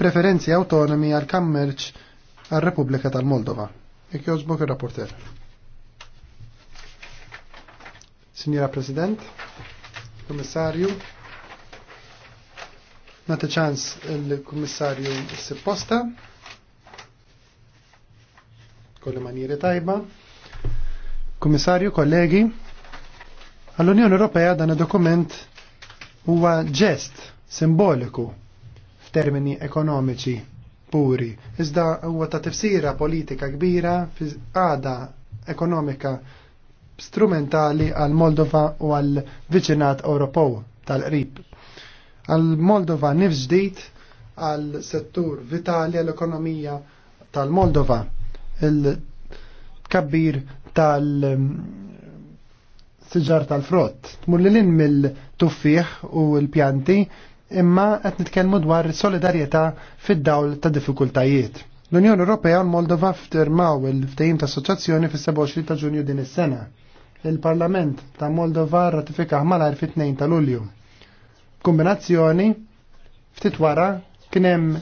preferenzi autonomi għal kammerċ għal Repubblika tal-Moldova. Jek joġbok il-rapporter. Signora President, Kommissarju, nate ċans il komissarju s-sipposta, kolle manieri tajba, Komissarju, kollegi, għall-Unjoni Ewropea dan dokument huwa ġest simboliku f'termini ekonomiċi puri. Iżda huwa ta' tifsira politika kbira għada ekonomika strumentali għal Moldova u għal viċinat Ewropew tal-qrib. Għal Moldova nifs ġdid għal settur vitali għal ekonomija tal-Moldova. Il-kabbir tal- mm, siġar tal-frott. Tmur mill-tuffiħ u l-pjanti imma qed nitkellmu dwar solidarjetà fid-dawl ta' diffikultajiet. L-Unjoni Ewropea u l-Moldova firmaw il-ftehim ta' assoċjazzjoni fis-27 ta' Ġunju din is-sena. Il-Parlament ta' Moldova rratifika malajr fit-2 ta' Lulju. Kombinazzjoni ftit wara kien hemm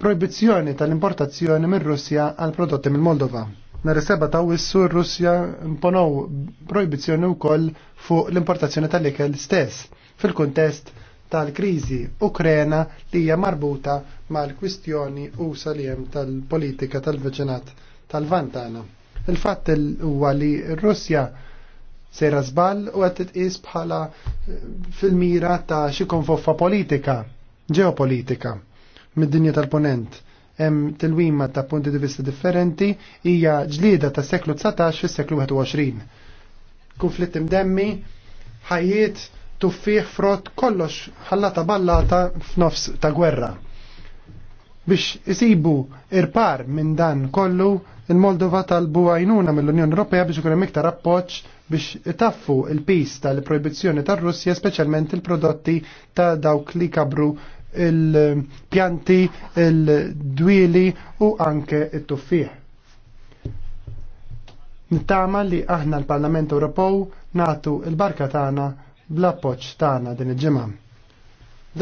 proibizzjoni tal-importazzjoni minn Russja għal prodotti minn Moldova. Nar seba ta' wissu Russja imponow proibizzjoni wkoll fuq l-importazzjoni tal-ikel stess fil-kuntest tal-kriżi Ukrena li hija marbuta mal-kwistjoni u saljem tal-politika tal-veċinat tal-vantana. Il-fatt huwa li Russja sejra żball u qed titqis bħala eh, fil-mira ta' xi konfoffa politika, ġeopolitika mid-dinja tal-ponent hemm tilwima ta' punti di vista differenti hija ġlieda ta' seklu 19 fis-seklu 21. Kunflitt imdemmi, ħajiet tuffiħ frott kollox ħallata ballata f'nofs ta' gwerra. Biex isibu irpar minn dan kollu, il-Moldova talbu għajnuna mill-Unjoni Ewropea biex ikun hemm iktar appoġġ biex itaffu il-pis tal-proibizzjoni tar-Russja, speċjalment il-prodotti ta' dawk li kabru il-pjanti, il-dwili u anke it-tuffieħ. Nittama li aħna l-Parlament Ewropew natu il-barka tagħna bl-appoġġ tagħna din il-ġimgħa.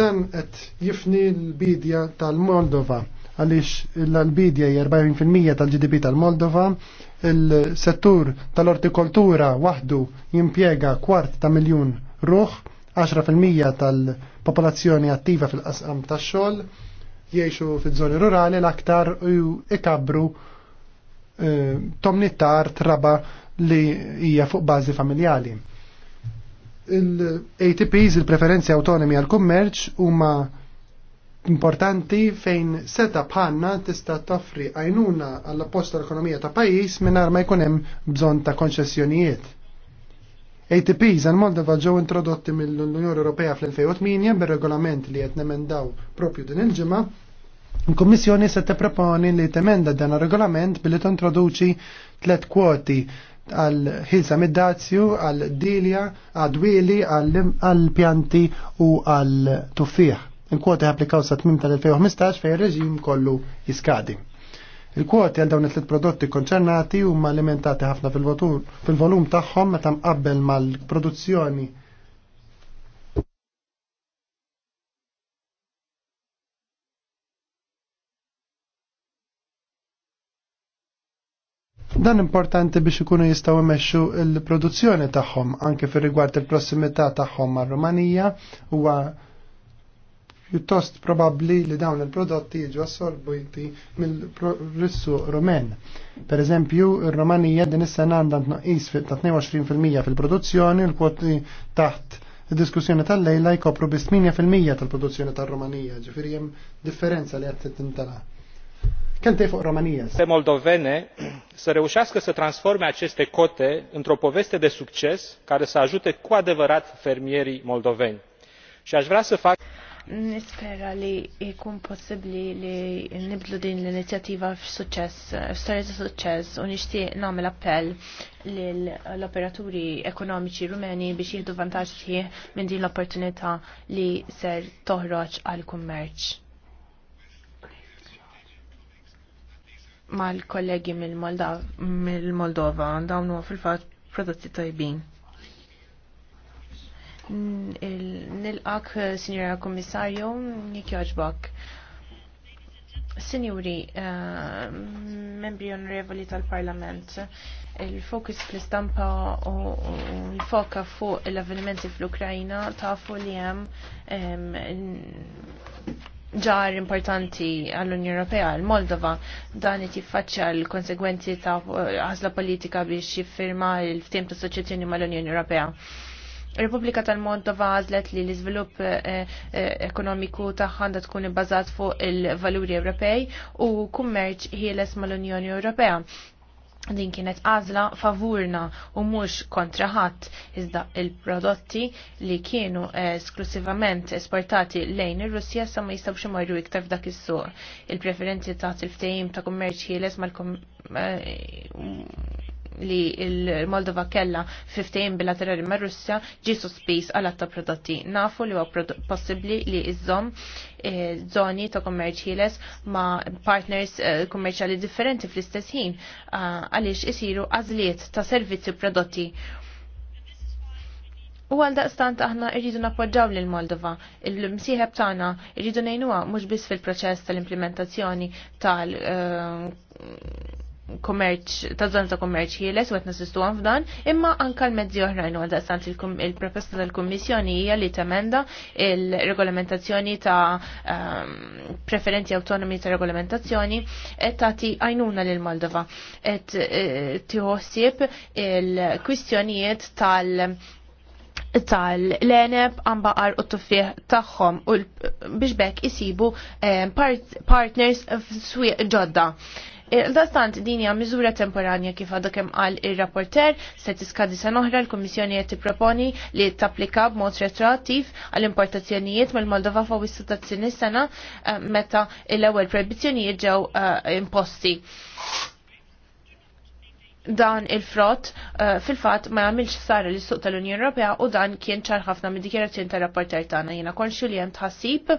Dan qed jifni l-bidja tal-Moldova għaliex l-bidja 40% tal-GDP tal-Moldova, il-settur tal-ortikoltura waħdu jimpjega kwart ta' miljun ruħ, 10% tal-popolazzjoni attiva fil-qasam tax-xogħol, jiexu fil-żoni rurali l-aktar u ikabru eh, tomnittar traba li hija fuq bażi familjali il-ATPs, il-preferenzi autonomi għal-kummerċ, huma importanti fejn seta bħanna tista toffri għajnuna għall post l-ekonomija ta' pajis minar ma jkunem bżon ta' konċessjonijiet. ATPs għal Moldova ġew introdotti mill-Unjoni Ewropea fl-2008 bir-regolament li qed nemendaw propju din il-ġimgħa Il-Kommissjoni se proponi li temenda dan regolament billi tintroduċi tlet kwoti għal ħilsa mid-dazju, għal dilja, għal dwili, għal pjanti u għal tuffiħ. Il-kwoti applikaw sa tmim tal-2015 fej reġim kollu jiskadi. Il-kwoti għal dawn it-tliet prodotti konċernati huma alimentati ħafna fil-volum tagħhom meta mqabbel mal-produzzjoni Dan importanti biex ikunu jistgħu jmexxu l-produzzjoni tagħhom anke fir rigward il-prossimità tagħhom mar-Rumanija huwa pjuttost probabbli li dawn il-prodotti jiġu assorbiti mill-rissu rumen. Per eżempju, il rumanija din is-sena għandha tnaqqis ta' 22% fil-produzzjoni, l-kwoti taħt id-diskussjoni tal-lejla jkopru bis 8% tal-produzzjoni tar romanija ġifieri hemm differenza li qed tintala. Kente fuq Romania. Se moldovene să reușească să transforme aceste cote într-o poveste de succes care să ajute cu adevărat fermierii moldoveni. Și aș vrea să fac nispera li ikun possibli li nibdlu din l-inizjattiva f f storja ta' suċċess u nixtieq nagħmel appell l operaturi ekonomiċi rumeni biex jihdu vantaġġ minn din l opportunita li ser toħroċ għal kummerċ. mal-kollegi mill-Moldova, dawn huwa fil-fatt prodotti tajbin. Nilqak, Signora Kommissarju, jek joġbok. Signori, eh, membri onorevoli tal-Parlament, il-fokus fl-istampa u l-foka fuq l-avvenimenti fl-Ukrajna tafu li hemm ġar importanti għall-Unjoni Ewropea l moldova dan it jiffaċċja l-konsegwenzi ta' ħasla politika biex jiffirma l-ftim ta' soċjetjoni mal-Unjoni Ewropea. Repubblika tal-Moldova għazlet li l-iżvilupp eh, eh, ekonomiku tagħha tkun ibbażat fuq il-valuri Ewropej u kummerċ ħieles mal-Unjoni Ewropea din kienet għazla favurna u mux kontra ħadd iżda il-prodotti li kienu eh, esklusivament esportati lejn ir-Russja sa ma jistgħux imorru iktar f'dak is-suq. Il-preferenzi ta' il ta' kummerċ ħieles mal li il-Moldova kella 15 bilaterali ma' Russja ġi sospis għal ta' prodotti. Nafu li huwa possibbli li iżom eh, zoni ta' kummerċ ħieles ma' partners eh, kummerċali differenti fl-istess ħin ah, għaliex isiru għażliet ta' servizzi prodotti. U għal daqstant aħna irridu nappoġġaw lil Moldova. Il-msieħeb tagħna irridu ngħinuha mhux biss fil-proċess tal-implementazzjoni tal- eh, kommerċ, ta' zon ta' kommerċ ħieles u għet nasistu għan f'dan, imma anka l-mezzi oħrajn u għadastant il-proposta tal-Kommissjoni hija li temenda il-regolamentazzjoni ta' ehm, preferenti autonomi ta' regolamentazzjoni e et ti għajnuna l-Moldova et tiħossib il-kwistjonijiet tal- tal-leneb għambaqar u tuffieħ taħħom u biex bekk isibu ehm, partners f'swieq ġodda. Dastant din hija miżura temporanja kif għadha kemm qal ir-rapporter se tiskadi sa noħra l-Kummissjoni qed tipproponi li tapplika b'mod retroattiv għall-importazzjonijiet mill-Moldova fuq is sena eh, meta l-ewwel proibizzjonijiet ġew eh, imposti dan il-frott uh, eh, fil-fat ma jagħmilx sara l suq tal-Unjoni Ewropea u dan kien ċar ħafna mid-dikjerazzjoni tar-rapporter tagħna jiena konxu li hemm tħassib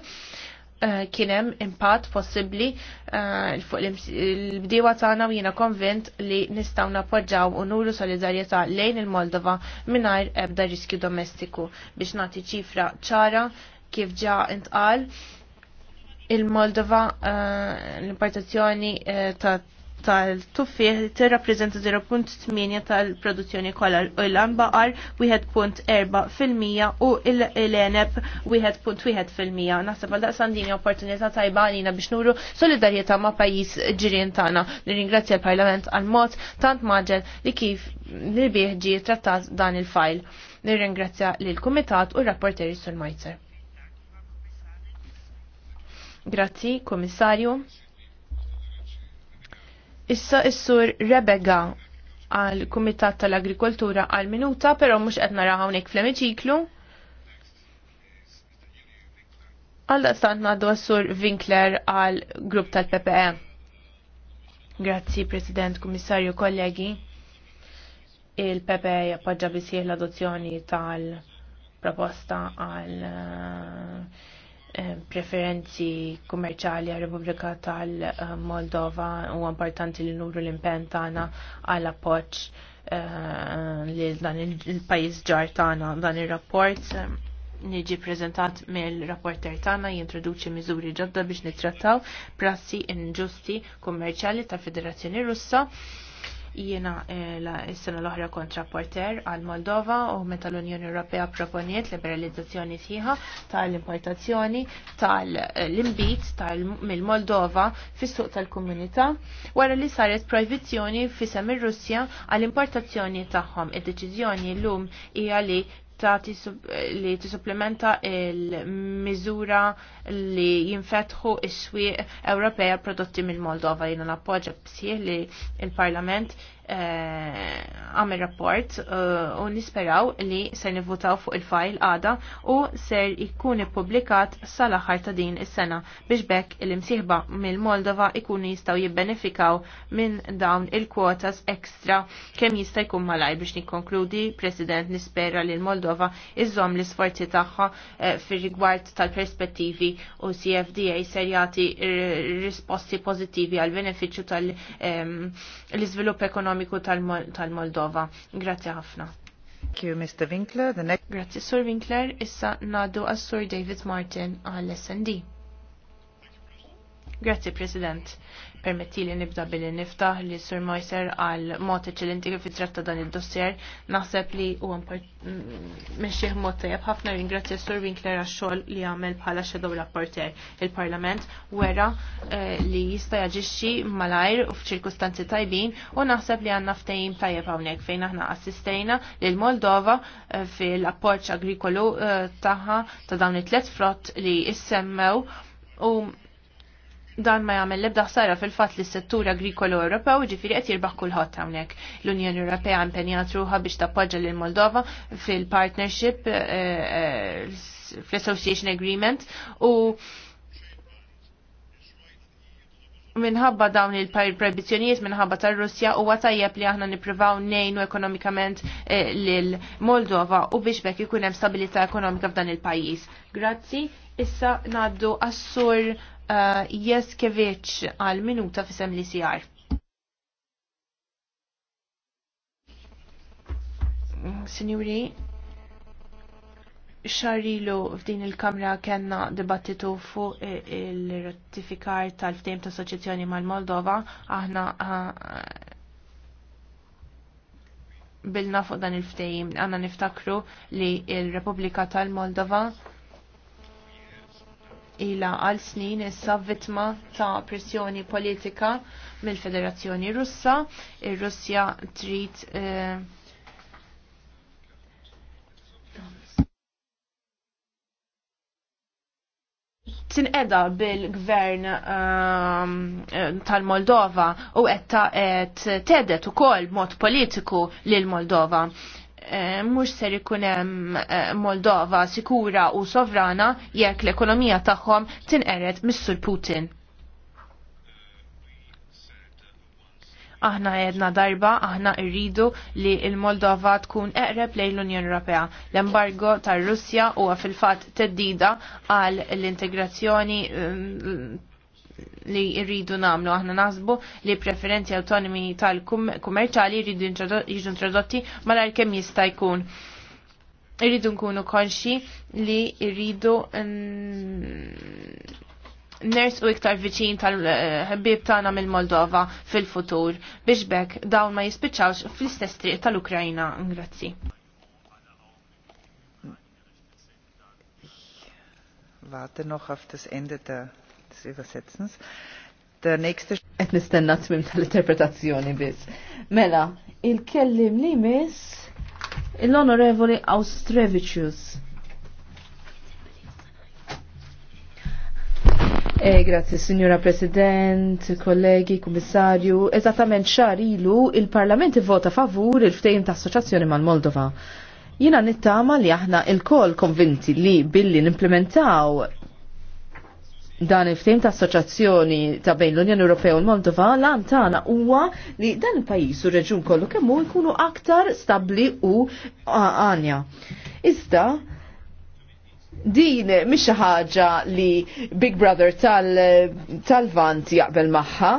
Eh, kienem impatt possibli eh, fuq il-bdiewa tagħna u jiena konvint li nistgħu nappoġġaw u nuru solidarjetà lejn il-Moldova mingħajr ebda riskju domestiku biex nagħti ċifra ċara kif ġa intqal il-Moldova eh, l-importazzjoni ta' tal-tuffieħ tirrappreżenta 0.8 tal-produzzjoni kollha l-ojlan baqar 1.4% u l-eneb 1.1%. Naħseb għal daqs għandini opportunità tajba għalina biex nuru solidarjetà ma' pajjiż ġirien tagħna. Nirringrazzja l-Parlament għal mod tant maġel li kif nirbieħ ġie trattat dan il-fajl. Nirringrazzja lill kumitat u r-rapporteri sul-Majzer. Grazzi, Komissarju. Issa is-sur Rebega għal Kumitat tal-Agrikoltura għal minuta, però mhux qed raħawnek hawnhekk fl-emiċiklu. Għal daqstant ngħaddu għas-sur Winkler għal grupp tal-PPE. Grazzi, President, Kummissarju, kollegi. Il-PPE jappoġġa bisieħ l-adozzjoni tal-proposta għal eh, Eh, preferenzi kummerċali għal Repubblika tal-Moldova u importanti li nuru l-impen tagħna għal appoġġ eh, li dan il-pajjiż ġar tagħna dan ir-rapport niġi eh, prezentat mill-rapporter tagħna jintroduċi miżuri ġodda biex nittrattaw prassi inġusti kummerċjali tal-Federazzjoni Russa Jiena eh, s-sena l-oħra kontra porter għal Moldova u meta l-Unjoni Ewropea proponiet liberalizzazzjoni sħiħa tal-importazzjoni tal-imbit eh, tal-Moldova fis-suq tal-komunità wara li saret proibizzjoni fi semir Russja għall importazzjoni tagħhom. Id-deċiżjoni llum hija li tati li tisupplementa il-miżura li jinfetħu is-swieq Ewropea prodotti mill-Moldova. Jina nappoġġa bsieħ li il-Parlament Eh, għamil rapport eh, u nisperaw li ser nivvutaw fuq il-fajl għada u ser ikun ippubblikat sal-aħħar ta' din is-sena biex bekk il-imsieħba mill-Moldova ikunu jistaw jibbenefikaw minn dawn il-kwotas ekstra kemm jista' jkun malaj biex nikkonkludi President nispera li l-Moldova iżżomm l-isforzi tagħha eh, fir-rigward tal-perspettivi u CFDA ser jagħti risposti pożittivi għal benefiċċju tal-iżvilupp ehm, ekonomiku ekonomiku tal-Moldova. Grazie ħafna. Thank you, Mr. Winkler. The next... Grazie, Sir Winkler. Issa nadu għas sir David Martin għall-SND. Grazie, President. Permetti li nibda billi niftaħ li Sir Moiser għal mod eċċellenti kif tratta dan id-dossier. Naħseb li u meċċieħ mm, mod tajab ħafna ringrazzja Sir Winkler għal xogħol li għamel bħala shadow rapporter. Il-Parlament wera eh, li jista' jaġixxi malajr u f'ċirkustanzi tajbin u naħseb li għandna ftehim tajjeb hawnhekk fejn aħna assistejna lil Moldova eh, fil-appoġġ agrikolu eh, tagħha ta' dawn it-tlet frott li issemmew u dan ma jagħmel l-ebda ħsara fil-fatt li s-settur agrikolo Ewropew ġifieri qed jirbaħ kulħadd hawnhekk. L-Unjoni Ewropea impenjat ruħha biex tappoġġa lil Moldova fil-partnership eh, eh, fl-Association Agreement u minħabba dawn il prohibizjonijiet minħabba tar-Russja huwa tajjeb li aħna nippruvaw nejnu ekonomikament eh, lil Moldova u biex bekk ikun hemm stabilità ekonomika f'dan il-pajjiż. Grazzi, issa ngħaddu għas-sur Eh, Jeskevic għal minuta fisem li sijar. Signori, xarilu f'din il-kamra kena dibattitu fuq il-ratifikar tal-ftim ta' soċezzjoni mal-Moldova, aħna eh, bilna fuq dan il ftim għanna niftakru li il-Repubblika tal-Moldova ila għal snin issa vittma ta' pressjoni politika mill-Federazzjoni Russa. Ir-Russja trid eh, tinqeda bil-gvern eh, tal-Moldova u qed tedet ukoll mod politiku lil Moldova. Eh, mhux ser ikun hemm eh, Moldova sikura u sovrana jekk l-ekonomija tagħhom tinqered mis-Sur Putin. Aħna jedna darba, aħna irridu li il-Moldova tkun eqreb lejn l-Unjoni Ewropea. L-embargo tar-Russja huwa fil-fatt teddida għal l-integrazzjoni mm, li rridu namlu aħna nasbu li preferenzi autonomi tal-kummerċali rridu jiġu introdotti malar kemm jista' jkun. Irridu nkunu konxi li rridu ners u iktar viċin tal-ħbib tagħna mill-Moldova fil-futur biex bekk dawn ma jispiċċawx fl-istess triq tal-Ukrajna. Grazzi. Warte noch auf das Ende der des Et nistenna tmim tal-interpretazzjoni biz. Mela, il-kellim li mis il onorevoli Austrevicius. E, grazie, signora President, kollegi, kummissarju. Eżattament xar ilu il-Parlament vota favur il-ftejim ta' assoċjazzjoni mal-Moldova. Jina nittama li aħna il-kol konvinti li billi nimplementaw dan il-ftim ta' assoċazzjoni ta' bejn l-Unjoni Ewropea u l-Moldova lan tagħna huwa li dan il-pajjiż u reġun kollu kemm hu jkunu aktar stabbli u għanja. Iżda din mhix xi ħaġa li Big Brother tal-Vant jaqbel magħha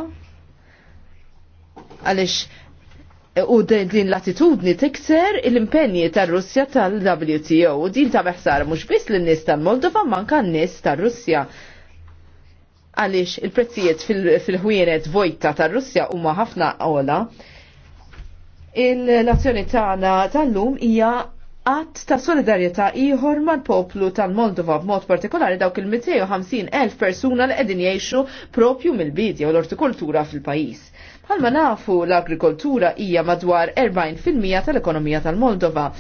għaliex u din l-attitudni tikser l-impenji tar-Russja tal-WTO u din ta' meħsara mhux biss lin-nies tal-Moldova manka n-nies tar-Russja għaliex il-prezzijiet fil-ħwienet fil vojta tar russja huma ħafna għola. Il-nazzjoni tagħna tal-lum hija għat ta' solidarjetà ieħor mal-poplu tal-Moldova b'mod partikolari dawk il-250,000 persuna li qegħdin jgħixu propju mill-bidja u l-ortikultura fil-pajjiż. Bħalma nafu l-agrikoltura hija madwar 40% tal-ekonomija tal-Moldova.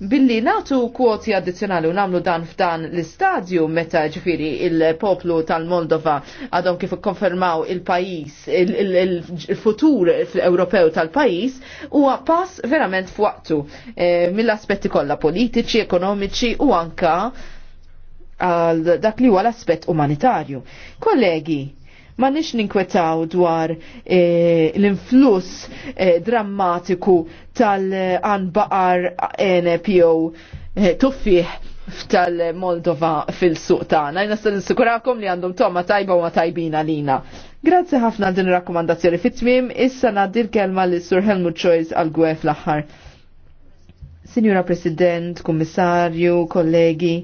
Billi natu kwoti addizjonali u namlu dan f'dan l-istadju meta ġifiri il-poplu tal-Moldova għadhom kif konfermaw il-pajis, il-futur Ewropew tal-pajis, huwa pass verament f'waqtu e, mill-aspetti kollha politiċi, ekonomiċi u anka għal dak li huwa l-aspett umanitarju. Kollegi, Ma nix ninkwetaw dwar e, l-influss e, drammatiku tal-anbaqar NPO e, eh, tuffiħ f'tal-Moldova fil-suq tagħna. s nissikurakom li għandhom tomma tajba u ma tajbina lina. Grazzi ħafna din rakkomandazzjoni fit-tmim, issa ngħaddi l-kelma li Sur Helmut Choice għal gwef fl-aħħar. Signora President, Kummissarju, kollegi.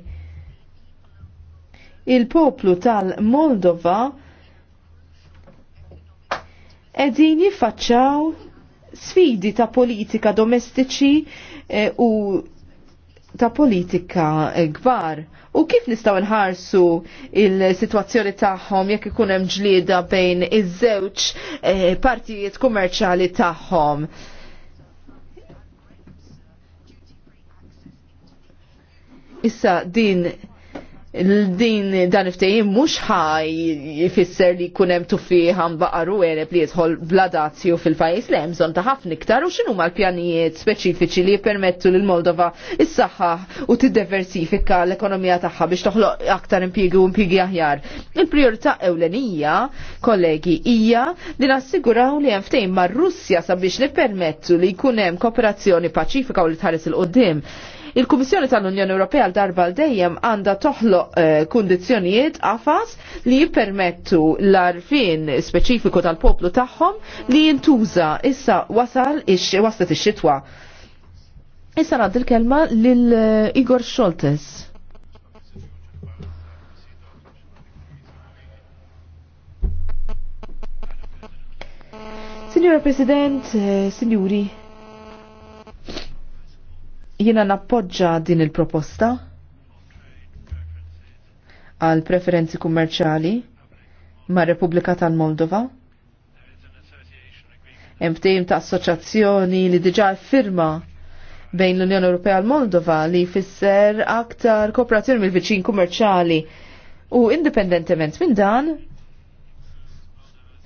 Il-poplu tal-Moldova edin jiffaċċaw sfidi ta' politika domestiċi e, u ta' politika eh, gbar. U kif nistaw nħarsu il-situazzjoni tagħhom jekk ikun hemm ġlieda bejn iż-żewġ e, partijiet kummerċali tagħhom? Issa din din dan iftejim mhux ħaj jfisser li jkun hemm ħan baqaru ereb li jidħol bladazzju fil-pajjiż li hemm bżonn ta' ħafna iktar u x'inhuma l-pjanijiet speċifiċi li jipermettu l Moldova issaħħaħ u tiddiversifika l-ekonomija tagħha biex toħloq aktar impjiegi u impiegi aħjar. Il-priorità ewlenija, kollegi, hija li nassiguraw li hemm ma' mar-Russja sabiex nippermettu li jkun hemm kooperazzjoni paċifika u li tħares il-qudiem Il-Kummissjoni tal-Unjoni Ewropea l-darba l-dejjem għandha toħloq eh, kundizzjonijiet qafas li jippermettu l-arfin speċifiku tal-poplu tagħhom li jintuża issa wasal ix waslet ix-xitwa. Issa għad il-kelma lil eh, Igor Xoltes. Signora President, eh, signori, Jiena nappoġġa din il-proposta għal preferenzi kummerċali ma' Repubblika tal-Moldova. Hemm ta' assoċjazzjoni li diġà firma bejn l-Unjoni Ewropea l Moldova li fisser aktar kooperazzjoni mill-viċin kummerċali u indipendentement minn dan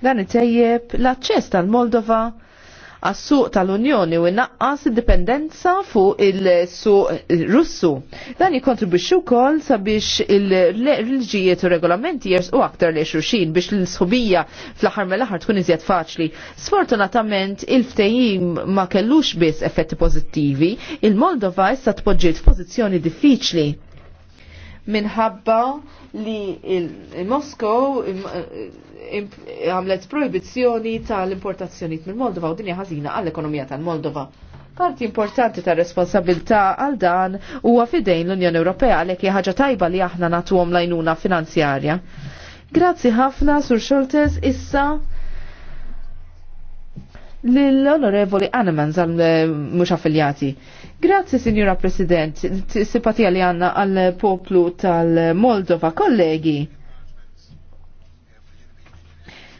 dan it-tejjeb l-aċċess tal-Moldova għas-suq tal-Unjoni u naqqas id-dipendenza fuq il-suq Russu. Dan jikontribwixxu wkoll sabiex il-liġijiet u regolamenti jersqu aktar li xurxin biex l-sħubija fl-aħħar mill-aħħar tkun iżjed faċli. Sfortunatament il-ftehim ma kellux biss effetti pożittivi, il-Moldova issa tpoġġiet f'pożizzjoni diffiċli minħabba li il-Moskow għamlet proibizjoni tal-importazzjoniet mill moldova u dinja ħażina għall-ekonomija tal-Moldova. Parti importanti ta' responsabilità għal dan huwa fidejn l-Unjoni Ewropea għalhekk hija ħaġa tajba li aħna nagħtuhom lajnuna finanzjarja. Grazzi ħafna, Sur Xoltes, issa l-onorevoli Anemans għal eh, mux affiljati. Grazzi, Signora President, simpatija li għanna għal poplu tal-Moldova, kollegi.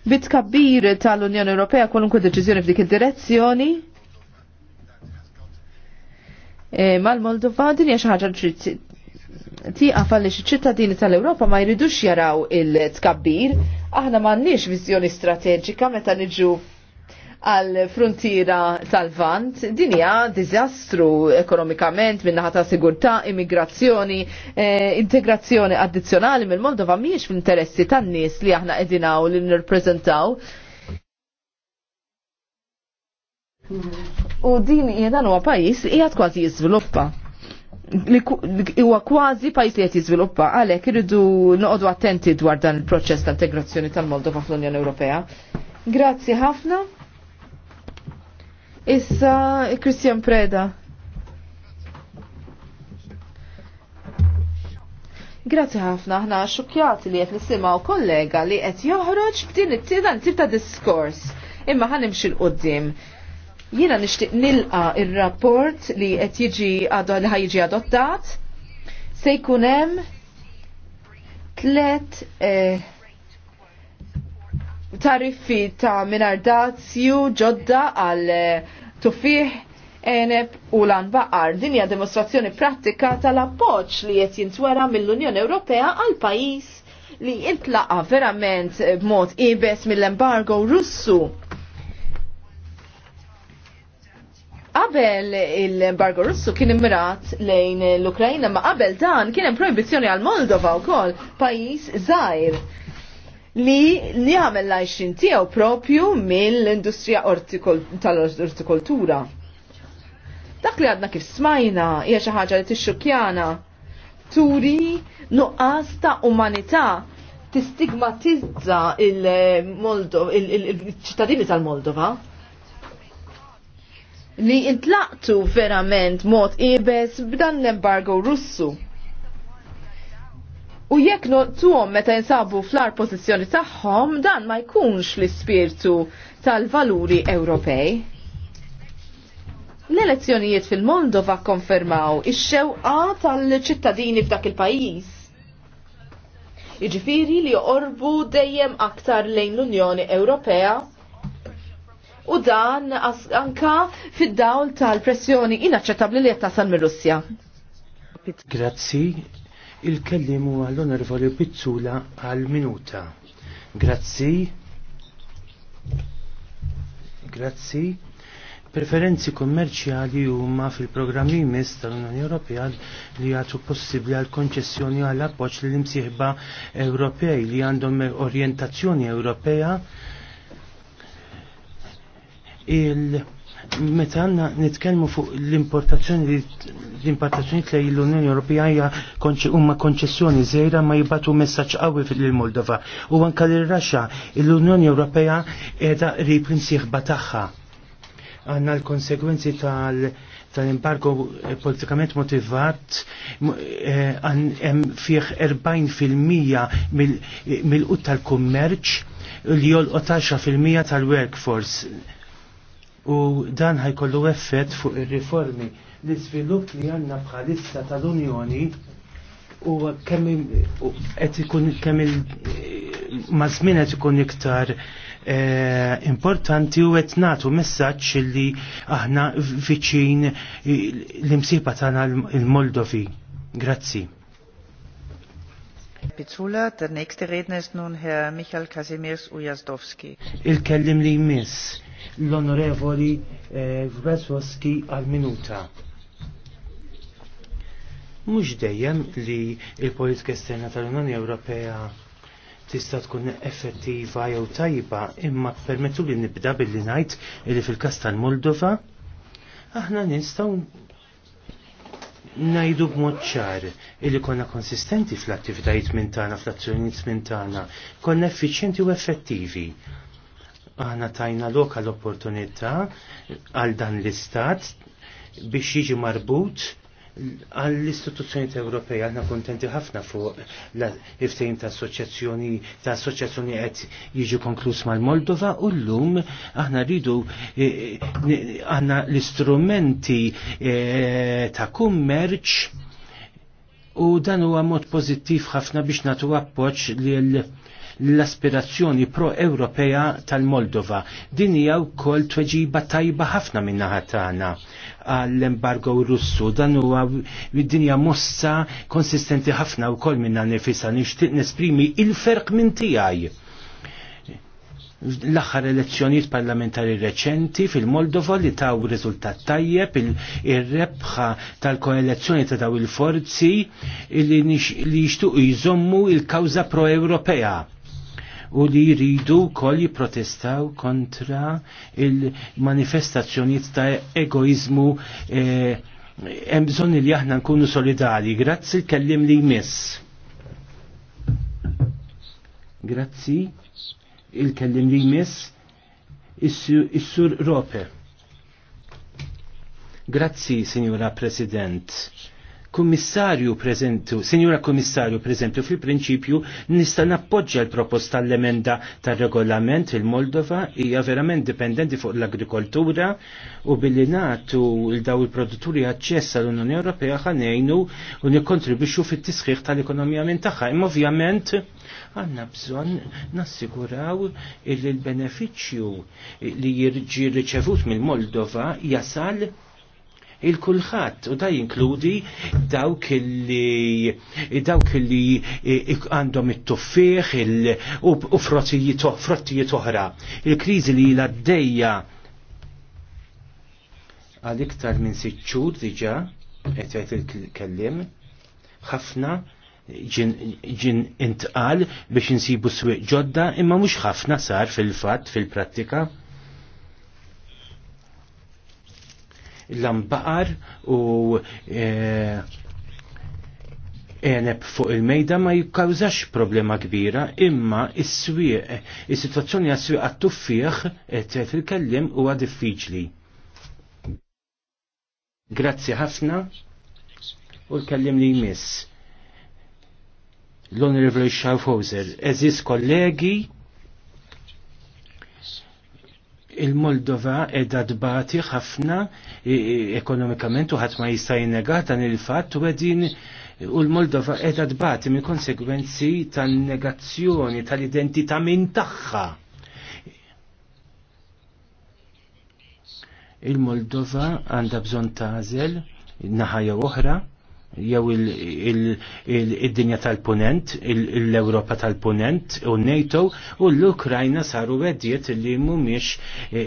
Bitkabbir tal-Unjoni Ewropea kwalunkwe deċiżjoni f'dik id-direzzjoni. E, Mal-Moldova din hija xi ħaġa tiqa falli ċittadini tal-Europa ma jridux jaraw il-tkabbir, aħna ma nix vizjoni strateġika meta niġu għal frontiera tal-vant, din hija diżastru ekonomikament minn ta' sigurtà, immigrazzjoni, eh, integrazzjoni addizzjonali mill-Moldova mhijiex fl-interessi tan-nies li aħna qegħdinaw li nirrepreżentaw. U din hija dan huwa pajjiż li qiegħed kważi jiżviluppa huwa kważi pajis li qed jiżviluppa għalhekk irridu noqogħdu attenti dwar dan il-proċess ta' integrazzjoni tal-Moldova fl-Unjoni Ewropea. Grazzi ħafna. Issa Christian Preda. Grazzi ħafna ħna xukjat li qed nisimaw kollega li qed joħroġ b'din it tida tip ta' diskors. Imma ħanimxi l-qudiem. Jiena nixtieq nilqa il rapport li qed jiġi li ħajġi adottat se jkun hemm eh, tariffi ta' minar dazju ġodda għal eh, tuffiħ eneb u lan baqar Din hija dimostrazzjoni pratika tal-appoġġ li qed jintwera mill-Unjoni Ewropea għal pajjiż li intlaqa verament b'mod ibes mill-embargo Russu. Qabel il embargo Russu kien immirat lejn l ukrajina ma qabel dan kien hemm għal Moldova wkoll pajjiż zaħir li li għamel l-għajxin tiegħu propju mill-industrija tal-ortikoltura. Dak li għadna kif smajna hija xi ħaġa li tixxukjana turi nuqqas ta' umanità tistigmatizza il-ċittadini tal-Moldova li intlaqtu verament mod ibes b'dan l-embargo russu U jekk noqtuhom meta jinsabu fl-ar pożizzjoni tagħhom, dan ma jkunx l-ispirtu tal-valuri Ewropej. L-elezzjonijiet fil-Moldova konfermaw ix-xewqa tal-ċittadini f'dak il-pajjiż. Jiġifieri li jorbu dejjem aktar lejn l-Unjoni Ewropea u dan anka fid-dawl tal-pressjoni inaċċettabbli li qed tasal mir-Russja. Grazzi, il kellimu huwa l-Onorevoli Pizzula għal minuta. Grazzi. Grazzi. Preferenzi kommerċjali huma fil-programmi mis tal-Unjoni Ewropea li jagħtu possibbli għal konċessjoni għal appoġġ li l-imsieħba Ewropej li għandhom orjentazzjoni Ewropea il- meta għanna nitkellmu fuq l-importazzjoni l-importazzjoni tlej l-Unjoni Ewropea hija huma konċessjoni żejra ma jibatu messaġġ qawwi fil-Moldova. U anke lil Raxxa l-Unjoni Ewropea qiegħda qrib insieħba tagħha. Għanna l-konsegwenzi tal- tal-imbargo eh, politikament motivat eh, hemm fih 40% mill-qut eh, tal-kummerċ li jolqot 10% tal-workforce u dan ħajkollu effett fuq ir-riformi l iżvilupp li għandna bħalissa tal-Unjoni u kemm qed ikun kemm mażmin qed ikun iktar eh, importanti u qed nagħtu messaġġ li aħna viċin l-imsiba tagħna l-Moldovi. Grazzi. Pizzula, der nächste Redner ist nun Herr Michael Kazimierz Ujazdowski. Il-kellim li jmiss l-onorevoli Vraswowski eh, għal-minuta. Mhux dejjem li il-politika esterna tal-Unjoni Ewropea tista' tkun effettiva jew tajba, imma permettu li nibda billi ngħid li fil-każ tal-Moldova aħna nistgħu ngħidu b'mod ċar illi konna konsistenti fl-attivitajiet minn tagħna, fl-azzjonijiet minn tagħna, konna effiċjenti u effettivi. Aħna tajna loka l-opportunità għal dan l-istat biex jiġi marbut għall-istituzzjoniet Ewropej aħna kontenti ħafna fuq l-iftejn ta' assoċjazzjoni ta' assoċjazzjoni qed jiġi konkluż mal-Moldova u llum aħna rridu e, e, għandna l-istrumenti e, ta' kummerċ u dan huwa mod pożittiv ħafna biex nagħtu appoġġ lil l-aspirazzjoni pro-Ewropea tal-Moldova. Din hija wkoll tweġiba tajba ħafna minn naħa tagħna għall-embargo Russu. Dan huwa dinja mossa konsistenti ħafna wkoll minna nifisa nixtieq nesprimi il-ferq minn tiegħi l-axar elezzjoniet parlamentari reċenti fil-Moldova li taw riżultat tajjeb il-rebħa tal-koelezzjoni ta' daw il-forzi li jixtuq jżommu il-kawza pro-Ewropea u li jridu kol jiprotestaw kontra il-manifestazzjoniet ta' egoizmu eh, hemm bżonn li aħna nkunu solidari. Grazzi l-kellim li jmiss. Grazzi il-kellim li jmiss is-sur Rope. Grazzi, Signora President kummissarju preżentu, sinjura kummissarju preżentu fil-prinċipju nista' nappoġġa l-proposta l-emenda tar-regolament il-Moldova hija verament dipendenti fuq l-agrikoltura u billi nagħtu l daw il-produtturi aċċess għall unjoni Ewropea ħanejnu u nikkontribwixxu fit-tisħiħ tal-ekonomija minn tagħha. Imma ovvjament għandna bżonn nassiguraw il l benefiċċju li jirġi riċevut mill-Moldova jasal il-kulħadd u da jinkludi dawk li dawk li e, e, għandhom it-tuffieħ u frottijiet oħra. Il-kriżi li l dejja għal iktar minn sitt diġa diġà qed il-kellim ħafna ġin intqal biex insibu swieq ġodda imma mhux ħafna sar fil-fatt fil-prattika. l-ambaqar u e, eneb fuq il-mejda ma jikkawżax problema kbira imma is-swieq is-sitwazzjoni għas-swieq għat-tuffieħ qed il-kellim huwa diffiċli. Grazzi ħafna u l-kellim li jmiss. L-Honorable Schaffhauser, eżis kollegi, il-Moldova edha dbati ħafna e, e, ekonomikament u ħadd ma jista' dan il-fatt u għedin u l-Moldova edha dbati minn konsegwenzi tan-negazzjoni tal-identità minn tagħha. Il-Moldova għandha bżonn tażel naħajja jew oħra jew id-dinja tal-punent, l-Europa tal-punent u NATO u l-Ukrajna saru għeddiet li mumiex e,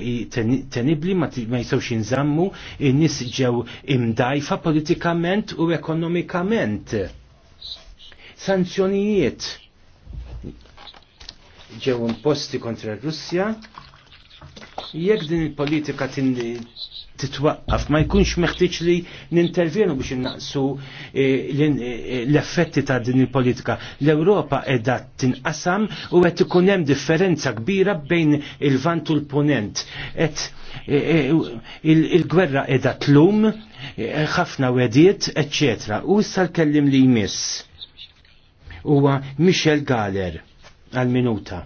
tenibli ma jisawx jinżammu nis ġew imdajfa politikament u ekonomikament. Sanzjonijiet ġew imposti kontra r-Russja jekk din il-politika titwaqqaf, ma jkunx meħtieġ li nintervjenu biex innaqsu eh, eh, l-effetti ta' din il-politika. L-Ewropa qiegħda tinqasam u qed ikun hemm differenza kbira bejn il-vant u l-punent. Eh, il-gwerra qiegħda tlum, ħafna wediet, eċċetera. U issa l-kellim li jmiss huwa Michel Galer għal-minuta.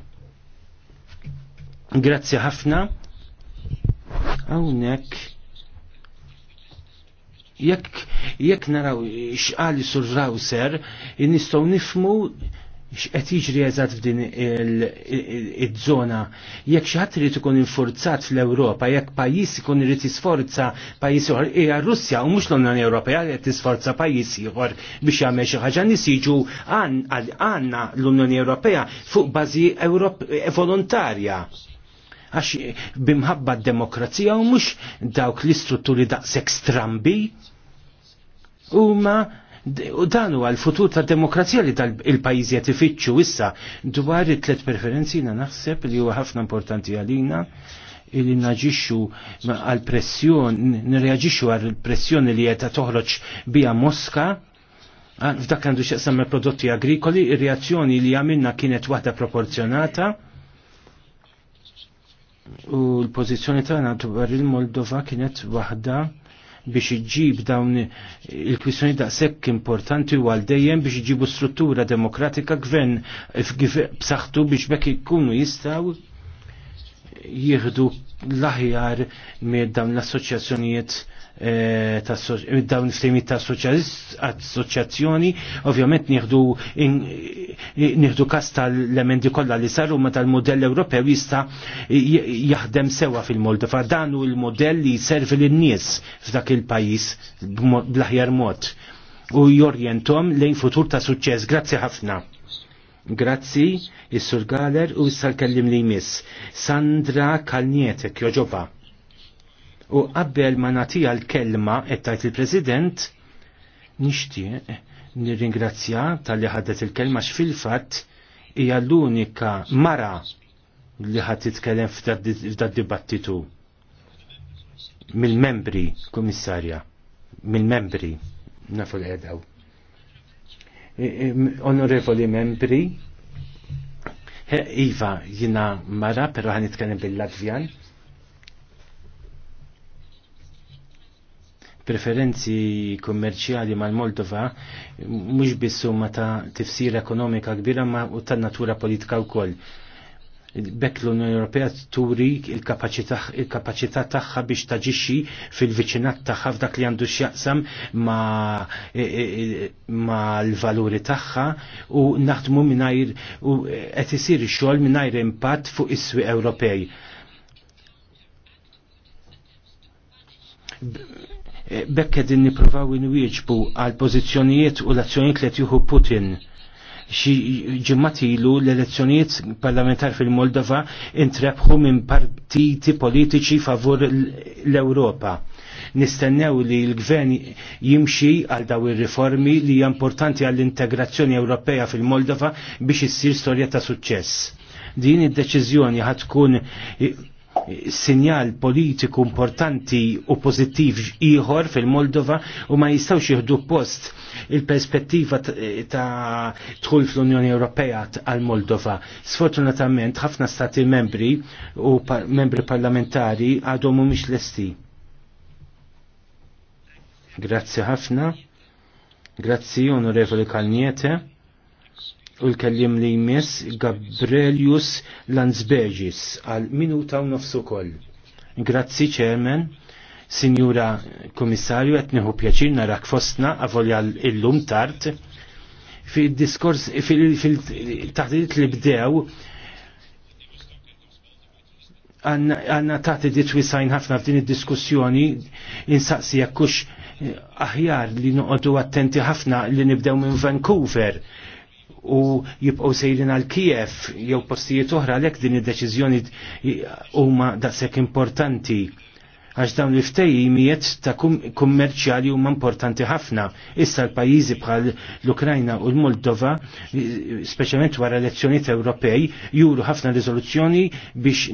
Grazzi ħafna. Hawnhekk Jekk jekk naraw x'qali surraw ser, nistgħu nifmu x'qed jiġri eżatt f'din iż-żona. Jekk xi ħadd irid ikun infurzat fl-Ewropa, jekk pajjiż ikun irid jisforza pajjiż ieħor, hija Russja u mhux l-Unjoni Ewropea li qed tisforza pajjiż ieħor biex jagħmel xi ħaġa nies għandna l-Unjoni Ewropea fuq bażi volontarja għax bimħabba d-demokrazija u mux dawk l-istrutturi daqsek strambi u ma u dan huwa l-futur ta' demokrazija li tal-pajjiżi qed ifittxu issa dwar it tlet preferenzi naħseb li huwa ħafna importanti għalina li naġixxu għal pressjoni nirreaġixxu għal pressjoni li qed toħroġ bija Moska f'dak għandu x'aqsam prodotti agrikoli, ir-reazzjoni li għamilna kienet waħda proporzjonata u l-pozizjoni tagħna dwar il-Moldova kienet waħda biex iġib dawn il-kwissjoni daqshekk importanti u għaldejjem dejjem biex iġibu struttura demokratika gvern b'saħħtu biex bekk ikunu jistgħu jieħdu l-aħjar minn dawn l-assoċjazzjonijiet Eh, dawn istemi ta' assoċjazzjoni, ovvjament nieħdu nieħdu kas tal emendi kollha li saru ma tal-modell Ewropew jista' jaħdem sewa fil-Moldova. Dan hu l-modell li jservi lin-nies f'dak il-pajjiż bl-aħjar mod u jorjentom lejn futur ta' suċċess. Grazzi ħafna. Grazzi, is-Sur Galer u issa salkellim li jmiss. Sandra Kalnietek, joġoba. U qabel ma natija l-kelma qed tajt il-President nixtieq nirringrazzja tal-li ħaddet il-kelma x'fil-fatt hija l-unika mara li ħad titkellem f'dad dibattitu mill-membri, komissarja, mill-membri, nafu l-edaw. Onorevoli membri, Iva, jina mara, pero ħan nitkellem bil-Latvjan, preferenzi kommerċjali mal-Moldova mhux biss huma ta' tifsir ekonomika kbira ma' u ta' natura politika wkoll. Bekk l-Unjoni Ewropea turi il-kapaċità tagħha biex taġixxi fil-viċinat tagħha f'dak li għandu x'jaqsam ma' e, e, e, l-valuri tagħha u naħdmu mingħajr u qed isir ix-xogħol mingħajr impatt fuq is-swieq Ewropej Eh, bekke din nipruvaw inwieġbu għal pożizzjonijiet u l-azzjonijiet li tieħu Putin xi ilu l-elezzjonijiet parlamentar fil-Moldova intrebħu minn partiti politiċi favur l-Ewropa. Nistennew li l-gvern jimxi għal daw ir-riformi li hija importanti għall-integrazzjoni Ewropea fil-Moldova biex issir storja ta' suċċess. Din id-deċiżjoni ħad tkun sinjal politiku importanti u pozittiv ieħor fil-Moldova u ma jistawx jihdu post il-perspettiva ta' tħul fl-Unjoni Ewropea għal-Moldova. Sfortunatament, ħafna stati membri u membri parlamentari għadhom mhumiex lesti. Grazzi ħafna. Grazzi, onorevoli Kalniete u l-kellim li jmiss Gabrielius Lanzbergis għal minuta u nofsu koll. Grazzi ċermen, Sinjura Komissarju, etniħu pjaċir narak fostna għavolja l-lum tart fil-diskors, fil-taħdiet li bdew għanna taħti wisajn ħafna f'din id-diskussjoni insaqsi jekkux aħjar li noqodu attenti ħafna li nibdew minn Vancouver u jibqgħu sejrin għal Kiev jew postijiet oħra għalhekk din id-deċiżjoni huma daqshekk importanti għax dawn l mijiet ta' kummerċjali huma importanti ħafna. Issa l-pajjiżi bħal l-Ukrajna u l-Moldova, speċjalment wara elezzjonijiet Ewropej, juru ħafna riżoluzzjoni biex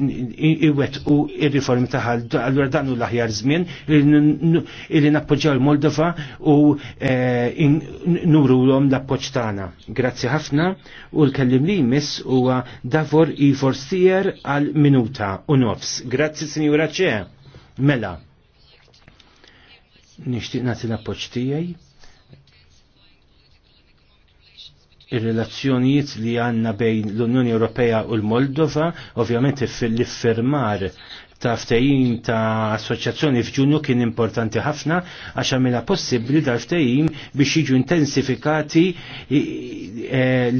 iwettqu ir-riformi tagħha. Allura dan hu l-aħjar żmien li nappoġġjaw l-Moldova u e, nurulhom l-appoġġ tagħna. Grazzi ħafna u l-kellim li jmiss huwa Davor Ivor Stier għal minuta u nofs. Grazzi Signora Ċe. Mela, nixtieq nagħti l-appoġġ tiegħi ir-relazzjonijiet li għanna bejn l-Unjoni Ewropea u l-Moldova, ovvjament fil liffermar ta' ftehim ta' assoċjazzjoni f'Ġunju kien importanti ħafna għax għamilha possibbli dal ftehim biex jiġu intensifikati eh,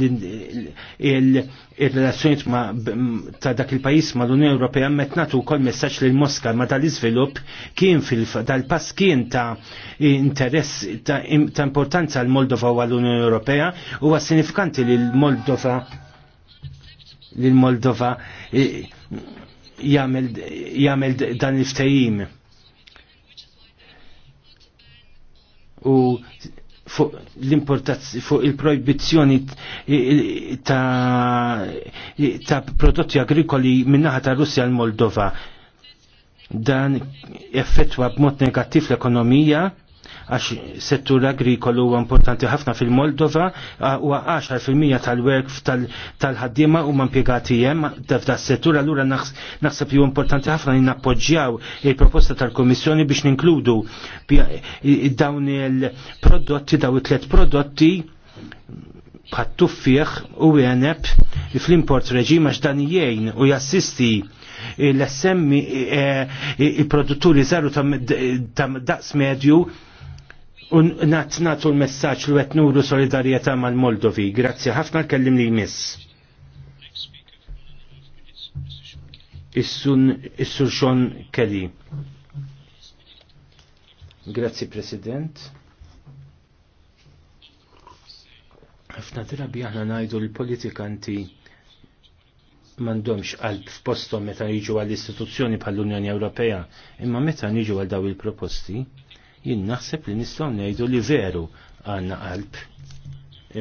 il relazzjoni ta' dak il-pajis ma' l-Unjoni Ewropea met natu kol messaġġ l Moska ma' dal-iżvilupp kien dal-pass kien ta' interess ta' importanza l Moldova u għall-Unjoni Ewropea huwa sinifikanti l Moldova lil Moldova jagħmel dan il-ftehim. U fuq l-importazzi fuq il-proibizzjoni ta', ta prodotti agrikoli minnaħa ta' Russja l-Moldova. Dan effettwa b'mod negattiv l-ekonomija għax settur agrikolu huwa importanti ħafna fil-Moldova u 10% tal-werk tal-ħaddiema huma impjegati hemm f'da settur allura naħseb ju importanti ħafna li nappoġġjaw il-proposta tal-Komissjoni biex ninkludu dawn il-prodotti daw it-tlet prodotti bħat-tuffieħ u għeneb fl-import reġima jgħin u jassisti l-semmi eh, il-produtturi zaru ta' daqs medju un nat natu l-messaċ li nuru solidarieta mal-Moldovi. Grazzi ħafna kellim li jmiss. Is-sur xon kelli. Grazzi President. ħafna drabi aħna najdu l-politikanti mandomx qalb f'postom meta jiġu għall-istituzzjoni bħall-Unjoni Ewropea, imma meta jiġu għal daw il-proposti, jien naħseb li nistgħu ngħidu li veru għandna qalb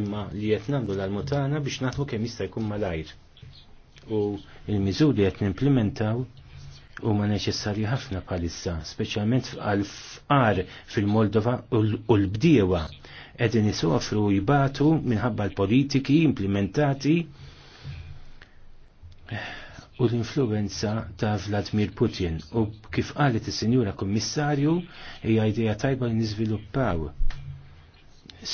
imma li qed nagħmlu l-almutana biex naħdmu kemm jista' jkun malajr. U il-miżuri qed nimplementaw huma neċessarji ħafna bħalissa, speċjalment għal fqar fil-Moldova u l-bdiewa qegħdin isofru jibatu minħabba l-politiki implementati eh, u l-influenza ta' Vladimir Putin u kif qalet is-Sinjura Kummissarju hija idea tajba li niżviluppaw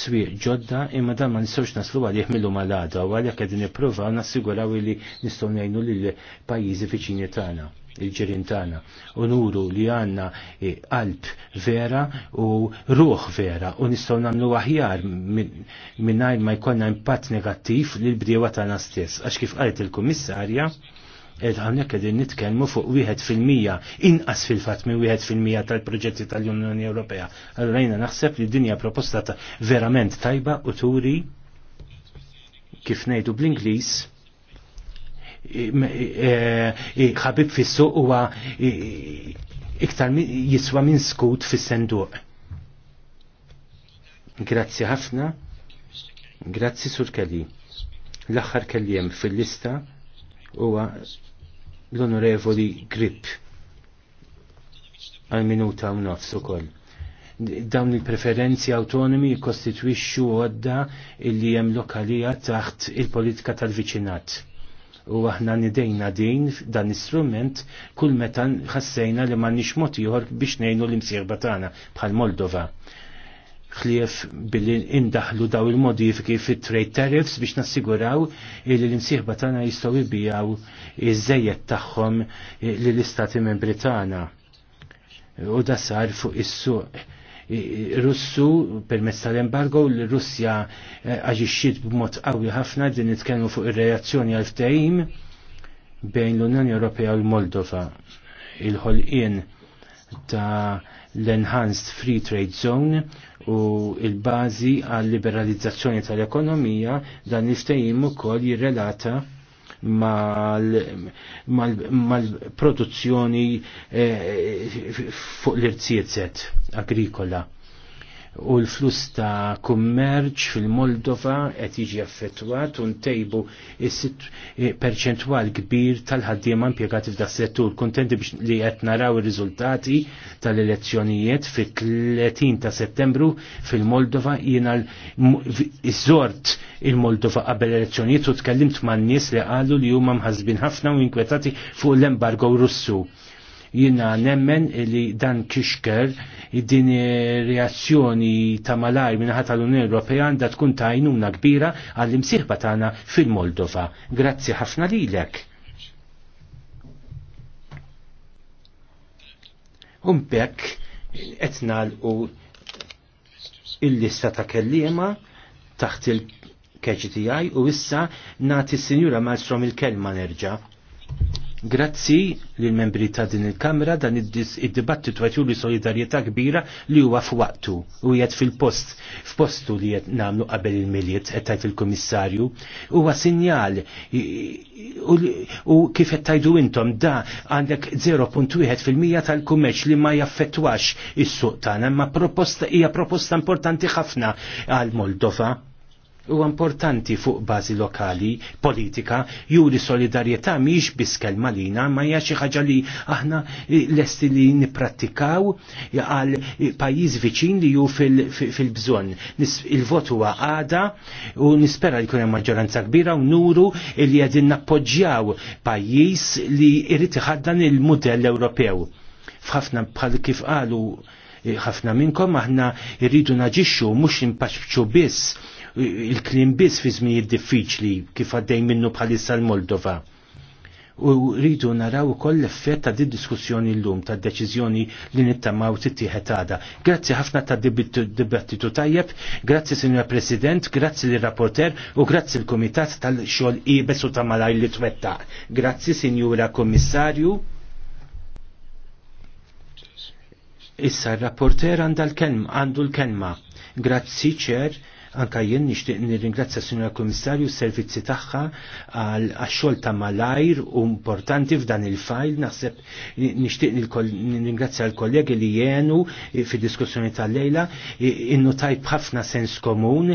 swi ġodda imma dan ma nistgħux naslu għal jeħmilu malada u għalhekk qegħdin nippruvaw nassiguraw li nistgħu ngħinu lil pajjiżi viċini tagħna il-ġirin tagħna u nuru li għandna eh, qalb vera u ruħ vera u nistgħu nagħmlu aħjar mingħajr ma jkollna impatt negattiv lill bdiewa tagħna stess għax kif qalet il-Kummissarja Ed għamnek għedin nitkelmu fuq 1% inqas fil-fat minn 1% tal-proġetti tal-Unjoni Ewropea. Allora jina naħseb li dinja proposta verament tajba u turi kif nejdu bl-Inglis e- e- ħabib fis-suq huwa iktar jiswa minn skut fis-senduq. Grazzi ħafna. Grazzi sur Kelly. L-aħħar kelliem fil-lista huwa l-onorevoli Grip għal minuta u nofs ukoll. Dawn il-preferenzi autonomi jikkostitwixxu għodda illi hemm lokalija taħt il-politika tal-viċinat. U aħna nidejna din dan istrument kull meta ħassejna li ma nix mod ieħor biex ngħinu l-imsierba tagħna bħal Moldova ħlief billi indaħlu daw il-modifiki fit trade tariffs biex nassiguraw li l-imsieħba tagħna jistgħu jbijaw iż-żejjed tagħhom lill-Istati Membri tagħna. U da sar fuq is-suq Russu permezz tal-embargo l-Russja eh, aġixxiet b'mod qawwi ħafna din nitkellmu fuq ir-reazzjoni għal ftehim bejn l-Unjoni Ewropea u l-Moldova. Il-ħolqien ta' l-Enhanced Free Trade Zone u il-bazi għal liberalizzazzjoni tal-ekonomija dan l u ukoll jirrelata mal-produzzjoni mal, mal, mal eh, fuq l irzijiet agrikola u l-flus ta' kummerċ fil-Moldova qed jiġi affettwat u ntejbu eh, perċentwal kbir tal-ħaddiema impjegati f'dak settur. Kontenti biex li qed naraw ir-riżultati tal-elezzjonijiet fit-30 ta' Settembru fil-Moldova jiena iżort il-Moldova qabel elezzjonijiet u tkellimt man-nies li qalu li huma mħasbin ħafna u inkwetati fuq l-embargo Russu jina nemmen li dan kixker din reazzjoni ta' malaj ħata tal-Unjoni Ewropea għandha tkun ta' għajnuna kbira għall-imsieħba tagħna fil-Moldova. Grazzi ħafna lilek. Umbek qed nagħlqu il-lista ta' kelliema taħt il-KGTI u issa nagħti s-Sinjura Malstrom il-kelma nerġa' Grazzi lil membri ta' din il-Kamra dan id-dibattitu għatju li solidarjetà kbira li huwa f'waqtu u jgħet fil-post f'postu li jgħet namlu qabel il-miliet qed tajt il-Kummissarju huwa sinjal u kif qed tajdu intom da għandek 0.1% tal-kummerċ li ma jaffettwax is-suq tagħna imma proposta hija proposta importanti ħafna għal Moldova u importanti fuq bażi lokali, politika, juri solidarjetà miex biskel malina, ma hija xi ħaġa li aħna lesti li nipprattikaw għal pajjiż viċin li ju fil-bżonn. Il-vot huwa għada u nispera li jkun hemm maġġoranza kbira u nuru li qegħdin nappoġġjaw pajjiż li jrid iħaddan il-mudell Ewropew. F'ħafna bħal kif qalu ħafna minnkom aħna irridu naġixxu mhux impaċċu biss il-klim biss fi żmien diffiċli kif għaddej minnu bħalissa l-Moldova. U rridu naraw ukoll l-effett ta' din diskussjoni llum ta' deċiżjoni li nittamaw tittieħed għada. Grazzi ħafna ta' dibattitu tajjeb, grazzi Sinjor President, grazzi l rapporter u grazzi l-Kumitat tal-xogħol ibes u ta' malaj li twettaq. Grazzi Sinjura Kommissarju. Issa r-rapporter għandu l-kelma. Grazzi ċer Anka jien nixtieq nirringrazzja Sinjora Kummissarju s-servizzi tagħha għal għax-xogħol ta' malajr u importanti f'dan il-fajl naħseb nixtieq nirringrazzja l-kollegi li jenu fid-diskussjoni tal-lejla innu tajb ħafna sens komun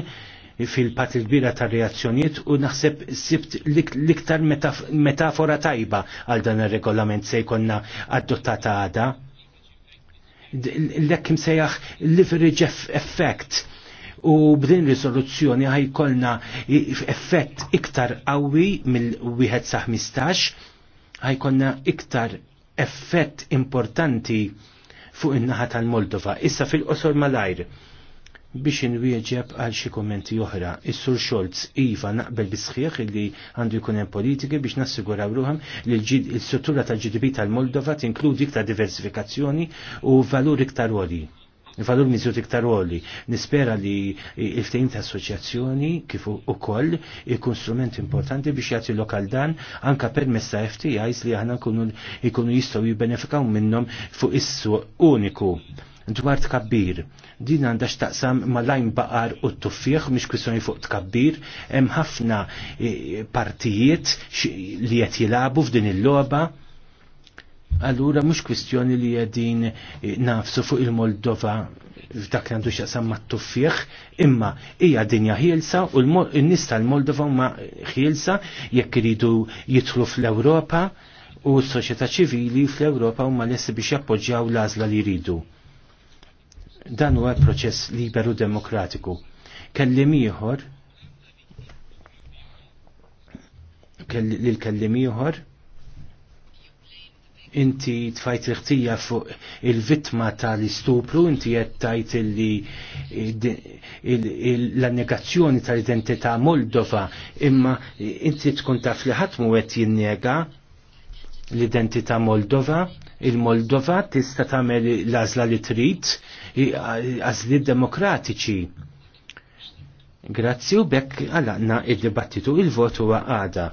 fil-pat il-kbira ta' reazzjoniet u naħseb sibt liktar metaf metafora tajba għal dan il-regolament se jkonna adottata għada. l ekkim sejjaħ leverage effect u b'din risoluzzjoni ħajkolna effett iktar qawwi mill-1 sa 15 ħajkolna iktar effett importanti fuq in-naħa tal-Moldova. Issa fil-qosor malajr biex inwieġeb għal xi kommenti oħra. Is-Sur Scholz iva naqbel bisħieħ li għandu jkun hemm politiki biex nassiguraw ruħam li l-struttura tal-GDP tal-Moldova tinkludi iktar diversifikazzjoni u valur iktar għoli valur miżjut iktar għoli. Nispera li il-ftejn ta' assoċjazzjoni kif ukoll ikun strument importanti biex jagħti lokal dan anka permess ta' FTIs li aħna ikunu jistgħu jibbenefikaw minnhom fuq is uniku dwar tkabbir. Din għandha x'taqsam mal-lajn baqar u t-tuffieħ mhix kwissoni fuq tkabbir, hemm ħafna eh, partijiet li qed jilagħbu f'din il-logħba Allura mhux kwistjoni li qegħdin eh, nafsu fuq il-Moldova f'dak għandu xaqsam ma' tuffieħ, imma hija dinja ħielsa u n-nis tal-Moldova ma' ħielsa jekk iridu jidħlu fl-Ewropa u s-soċjetà ċivili fl-Ewropa huma lesti biex jappoġġjaw l-għażla li jridu. Dan huwa proċess liberu demokratiku. Kellim ieħor lil kellim ieħor inti tfajt riħtija fuq il-vitma tal-istupru, inti qed tajt l-annegazzjoni tal-identità Moldova, imma inti tkun taf li ħadd mu qed jinnega l-identità Moldova, il-Moldova tista' tagħmel l-għażla li trid, azli demokratiċi. Grazzi u bekk għalaqna il dibattitu il-votu għada.